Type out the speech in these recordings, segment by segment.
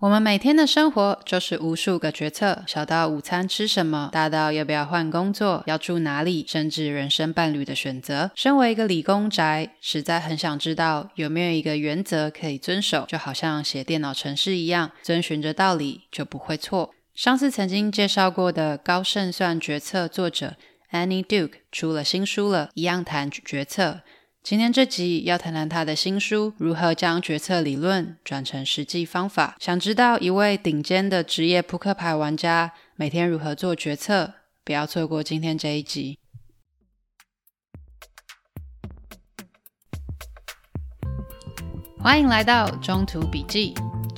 我們每天的生活就是無數個決策，小到午餐吃什麼，大到要不要換工作、要住哪裡，甚至人生伴侶的選擇。身為一個理工宅，實在很想知道有沒有一個原則可以遵守，就好像寫電腦程式一樣，遵循着道理就不會錯。上次曾經介紹過的高勝算決策作者 Annie Duke 出了新書了，一樣談決策。今天這集要談談他的新書《如何將決策理論轉成實際方法》。想知道一位頂尖的職業撲克牌玩家每天如何做決策，不要錯過今天這一集。歡迎來到中途筆記。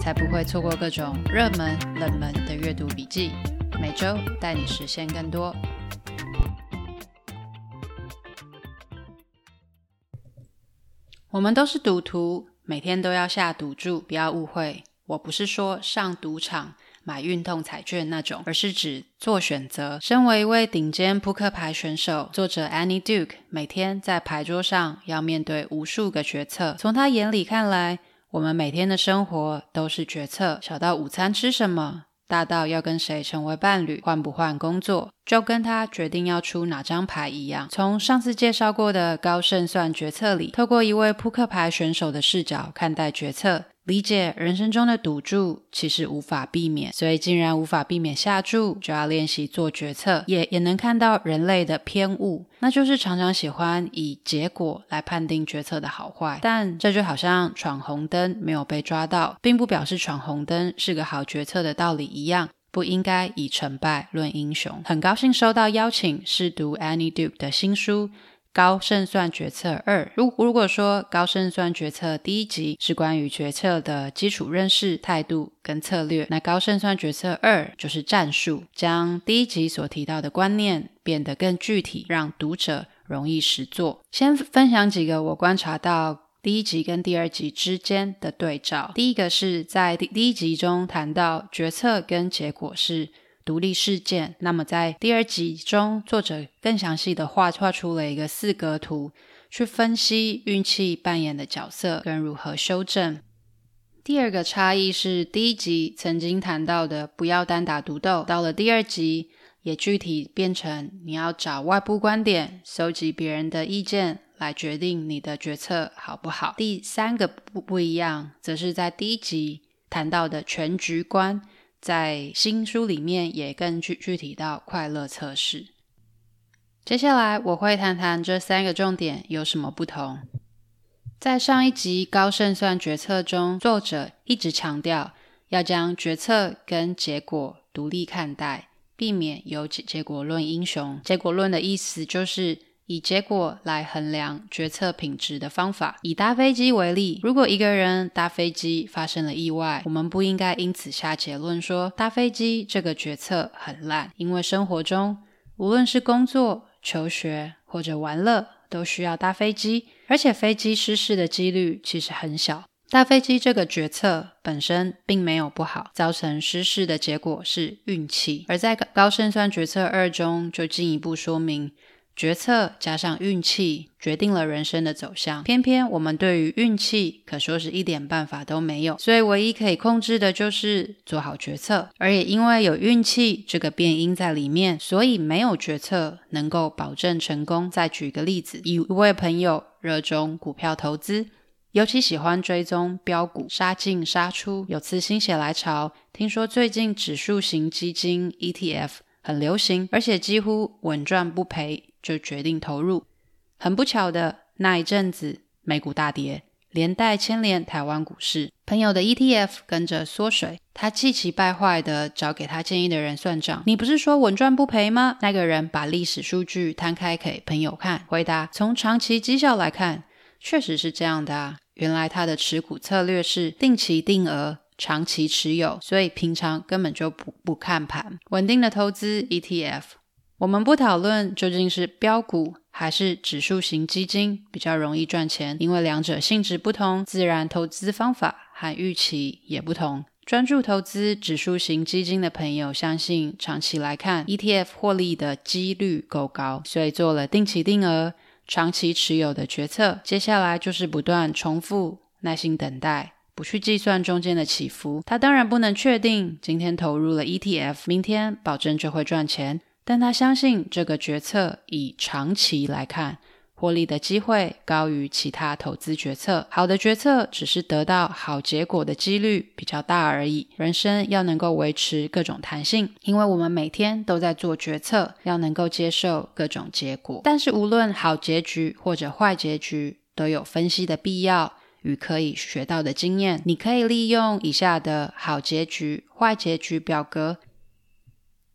才不會錯過各種熱門、冷門的閱讀筆記，每周帶你實現更多。我們都是賭徒，每天都要下賭注，不要誤會，我不是說上賭場買運動彩券那種，而是指做選擇。身為一位頂尖撲克牌選手，作者 Annie Duke 每天在牌桌上要面對無數個決策，從她眼裡看來，我們每天的生活都是決策，小到午餐吃什麼，大到要跟誰成為伴侶，換不換工作，就跟她決定要出哪張牌一樣。從上次介紹過的高勝算決策裡，透過一位撲克牌選手的視角看待決策。理解人生中的賭注其實無法避免，所以既然無法避免下注，就要練習做決策，也也能看到人類的偏誤，那就是常常喜歡以結果來判定決策的好壞，但這就好像闖紅燈沒有被抓到，並不表示闖紅燈是個好決策的道理一樣，不應該以成敗論英雄。很高興收到邀請試讀 Annie Duke 的新書。高勝算決策二，如如果說高勝算決策第一集是關於決策的基礎認識、態度跟策略，那高勝算決策二就是戰術，將第一集所提到的觀念變得更具體，讓讀者容易實作。先分享幾個我觀察到第一集跟第二集之間的對照。第一個是在第第一集中談到決策跟結果是獨立事件。那麼，在第二集中，作者更詳細的畫畫出了一個四格圖，去分析運氣扮演的角色跟如何修正。第二個差異是第一集曾經談到的不要單打獨鬥，到了第二集也具體變成你要找外部觀點，收集別人的意見來決定你的決策好不好。第三個不不一樣，則是在第一集談到的全局觀。在新書裡面也更具具體到快樂測試。接下來我會談談這三個重點有什麼不同。在上一集高勝算決策中，作者一直強調要將決策跟結果獨立看待，避免有結果論英雄。結果論的意思就是，以結果來衡量決策品質的方法。以搭飛機為例，如果一個人搭飛機發生了意外，我們不應該因此下結論說搭飛機這個決策很爛，因為生活中無論是工作、求學或者玩樂都需要搭飛機，而且飛機失事的幾率其實很小。搭飛機這個決策本身並沒有不好，造成失事的結果是運氣。而在高勝算決策二中，就進一步說明。決策加上運氣，決定了人生的走向。偏偏我們對於運氣，可說是一點辦法都沒有。所以，唯一可以控制的就是做好決策。而也因為有運氣這個變因在裡面，所以沒有決策能夠保證成功。再舉一個例子，一位朋友熱衷股票投資，尤其喜歡追蹤飆股，殺進殺出。有次心血來潮，聽說最近指數型基金 ETF 很流行，而且幾乎穩賺不賠。就決定投入。很不巧的，那一陣子美股大跌，連帶牽連台灣股市，朋友的 ETF 跟着縮水。他氣急敗壞地找給他建議的人算賬：“你不是說穩賺不賠嗎？”那個人把歷史數據攤開給朋友看，回答：“從長期績效來看，確實是這樣的啊。”原來他的持股策略是定期定額長期持有，所以平常根本就不不看盤，穩定的投資 ETF。我們不討論究竟是飆股還是指數型基金比較容易賺錢，因為兩者性質不同，自然投資方法和預期也不同。專注投資指數型基金的朋友，相信長期來看，ETF 獲利的幾率夠高，所以做了定期定額、長期持有的決策。接下來就是不斷重複、耐心等待，不去計算中間的起伏。他當然不能確定今天投入了 ETF，明天保證就會賺錢。但他相信，這個決策以長期來看，獲利的機會高於其他投資決策。好的決策只是得到好結果的幾率比較大而已。人生要能夠維持各種彈性，因為我們每天都在做決策，要能夠接受各種結果。但是無論好結局或者壞結局，都有分析的必要，與可以學到的經驗。你可以利用以下的好結局、壞結局表格。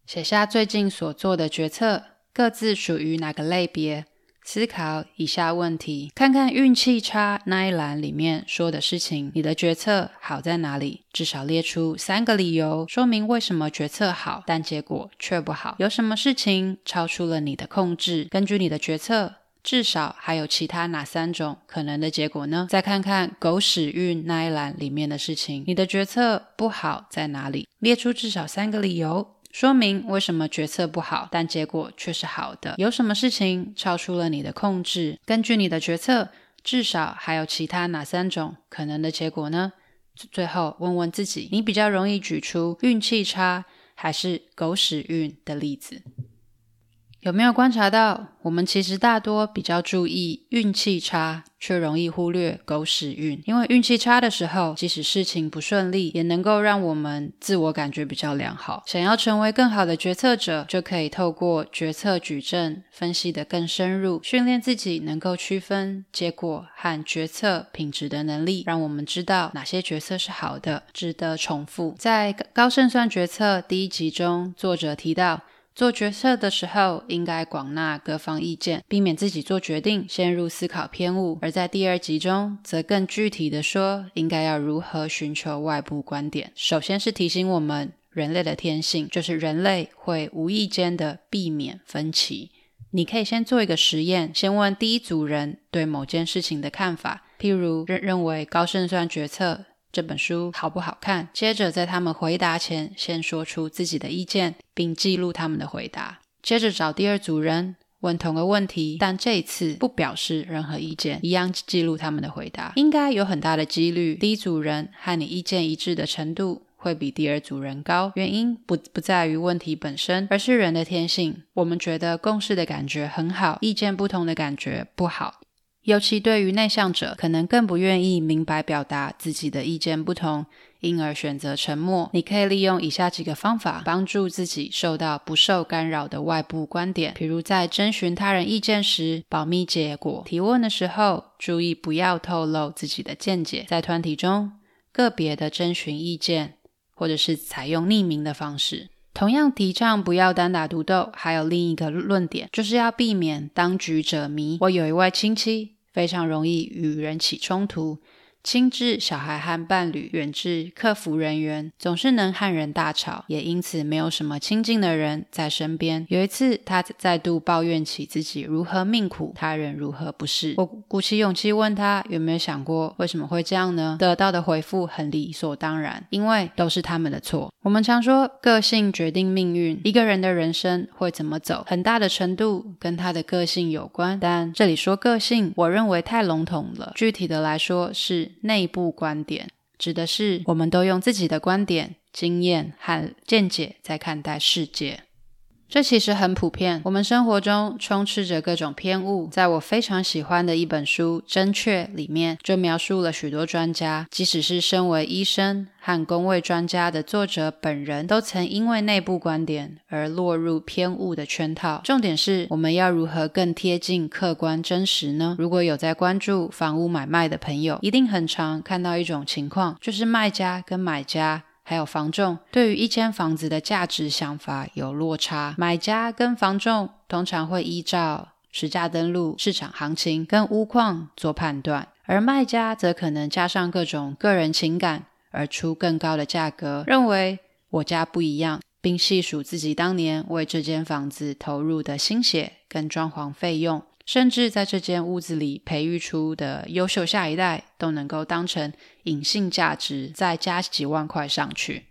寫下最近所做的決策，各自屬於哪個類別？思考以下問題：看看運氣差那一欄裡面說的事情，你的決策好在哪裡？至少列出三個理由，說明為什麼決策好，但結果卻不好。有什麼事情超出了你的控制？根據你的決策，至少還有其他哪三種可能的結果呢？再看看狗屎運那一欄裡面的事情，你的決策不好在哪裡？列出至少三個理由。說明為什麼決策不好，但結果卻是好的。有什麼事情超出了你的控制？根據你的決策，至少還有其他哪三種可能的結果呢？最後問問自己，你比較容易舉出運氣差還是狗屎運的例子？有沒有觀察到，我們其實大多比較注意運氣差，卻容易忽略狗屎運。因為運氣差的時候，即使事情不順利，也能夠讓我們自我感覺比較良好。想要成為更好的決策者，就可以透過決策矩陣分析得更深入，訓練自己能夠區分結果和決策品質的能力，讓我們知道哪些決策是好的，值得重複。在《高勝算決策》第一集中，作者提到，做決策的時候，應該廣納各方意見，避免自己做決定陷入思考偏誤。而在第二集中，則更具體的說，應該要如何尋求外部觀點。首先是提醒我們，人類的天性就是人類會無意間的避免分歧。你可以先做一個實驗，先問第一組人對某件事情的看法，譬如，認認為高勝算決策。這本書好不好看？接着在他們回答前，先說出自己的意見，並記錄他們的回答。接着找第二組人問同個問題，但這次不表示任何意見，一樣記錄他們的回答。應該有很大的幾率，第一組人和你意見一致的程度會比第二組人高。原因不不在於問題本身，而是人的天性。我們覺得共識的感覺很好，意見不同的感覺不好。尤其對於內向者，可能更不願意明白表達自己的意見不同，因而選擇沉默。你可以利用以下幾個方法幫助自己受到不受干擾的外部觀點，譬如在徵詢他人意見時保密結果；提問的時候注意不要透露自己的見解；在團體中，個別的徵詢意見，或者是採用匿名的方式。同樣提倡不要單打獨鬥。還有另一個論點，就是要避免當局者迷。我有一位親戚。非常容易與人起衝突。親至小孩和伴侶，遠至客服人員，總是能和人大吵，也因此沒有什麼親近的人在身邊。有一次，他再度抱怨起自己如何命苦，他人如何不是。我鼓起勇氣問他有沒有想過為什麼會這樣呢？得到的回復很理所當然，因為都是他們的錯。我們常說個性決定命運，一個人的人生會怎麼走，很大的程度跟他的個性有關。但這裡說個性，我認為太籠統了。具體的來說是。內部觀點指的是，我們都用自己的觀點、經驗和見解在看待世界。這其實很普遍，我們生活中充斥着各種偏誤。在我非常喜歡的一本書《真確》裡面，就描述了許多專家，即使是身為醫生和公衛專家的作者本人，都曾因為內部觀點而落入偏誤的圈套。重點是，我們要如何更貼近客觀真實呢？如果有在關注房屋買賣的朋友，一定很常看到一種情況，就是賣家跟買家。還有房仲對於一間房子的價值想法有落差，買家跟房仲通常會依照實價登錄、市場行情跟屋況做判斷，而賣家則可能加上各種個人情感而出更高的價格，認為我家不一樣，並細數自己當年為這間房子投入的心血跟裝潢費用。甚至在這間屋子裡培育出的優秀下一代，都能夠當成隱性價值，再加幾萬塊上去。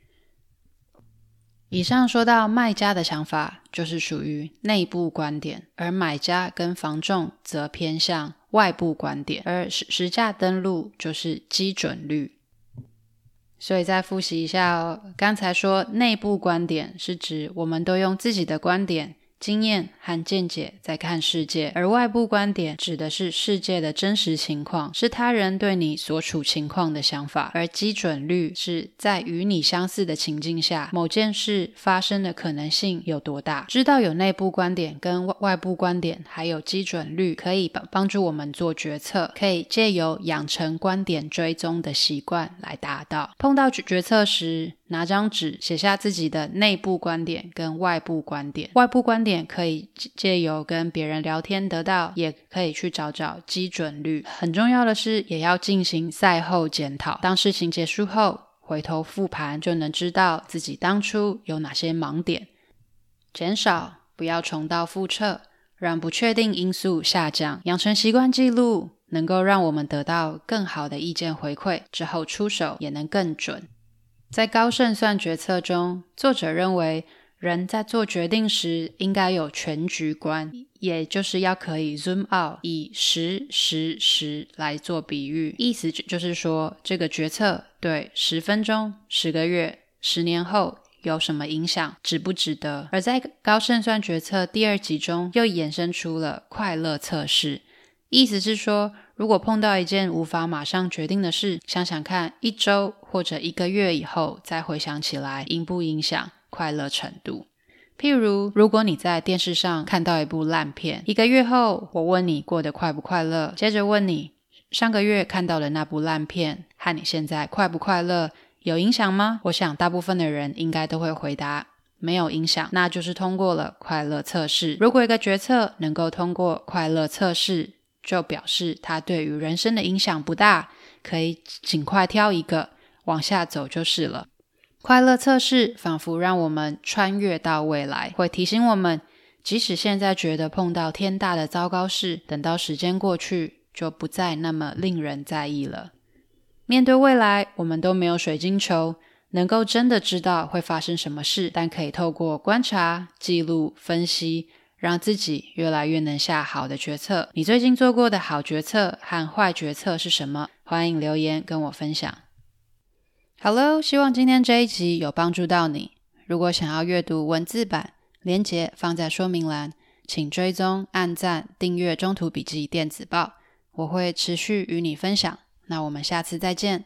以上說到賣家的想法，就是屬於內部觀點；而買家跟房仲則偏向外部觀點，而實實價登錄就是基準率。所以再複習一下哦，剛才說內部觀點是指我們都用自己的觀點。經驗和見解在看世界，而外部觀點指的是世界的真實情況，是他人對你所處情況的想法。而基準率是在與你相似的情境下，某件事發生的可能性有多大。知道有內部觀點、跟外部觀點，還有基準率，可以幫幫助我們做決策。可以借由養成觀點追蹤的習慣來達到。碰到決決策時，拿張紙寫下自己的內部觀點跟外部觀點，外部觀點可以借由跟別人聊天得到，也可以去找找基準率。很重要的是，也要進行賽後檢討。當事情結束後，回頭復盤就能知道自己當初有哪些盲點，減少不要重蹈覆轍，讓不確定因素下降。養成習慣記錄，能夠讓我們得到更好的意見回饋，之後出手也能更準。在高勝算決策中，作者認為人在做決定時應該有全局觀，也就是要可以 zoom out。以十十十來做比喻，意思就是說這個決策對十分鐘、十個月、十年後有什麼影響，值不值得？而在高勝算決策第二集中又衍生出了快樂測試，意思是說，如果碰到一件無法馬上決定的事，想想看一周。或者一個月以後再回想起來，影不影響快樂程度？譬如，如果你在電視上看到一部爛片，一個月後我問你過得快不快樂，接着問你上個月看到的那部爛片和你現在快不快樂有影響嗎？我想大部分的人應該都會回答沒有影響，那就是通過了快樂測試。如果一個決策能夠通過快樂測試，就表示它對於人生的影響不大，可以盡快挑一個。往下走就是了。快樂測試仿佛讓我們穿越到未來，會提醒我們，即使現在覺得碰到天大的糟糕事，等到時間過去，就不再那麼令人在意了。面對未來，我們都沒有水晶球，能夠真的知道會發生什麼事，但可以透過觀察、記錄、分析，讓自己越來越能下好的決策。你最近做過的好決策和壞決策是什麼？歡迎留言跟我分享。哈嘍，Hello, 希望今天這一集有幫助到你。如果想要閱讀文字版，連結放在說明欄，請追蹤、按讚、訂閱《中途筆記電子報》，我會持續與你分享。那我們下次再見。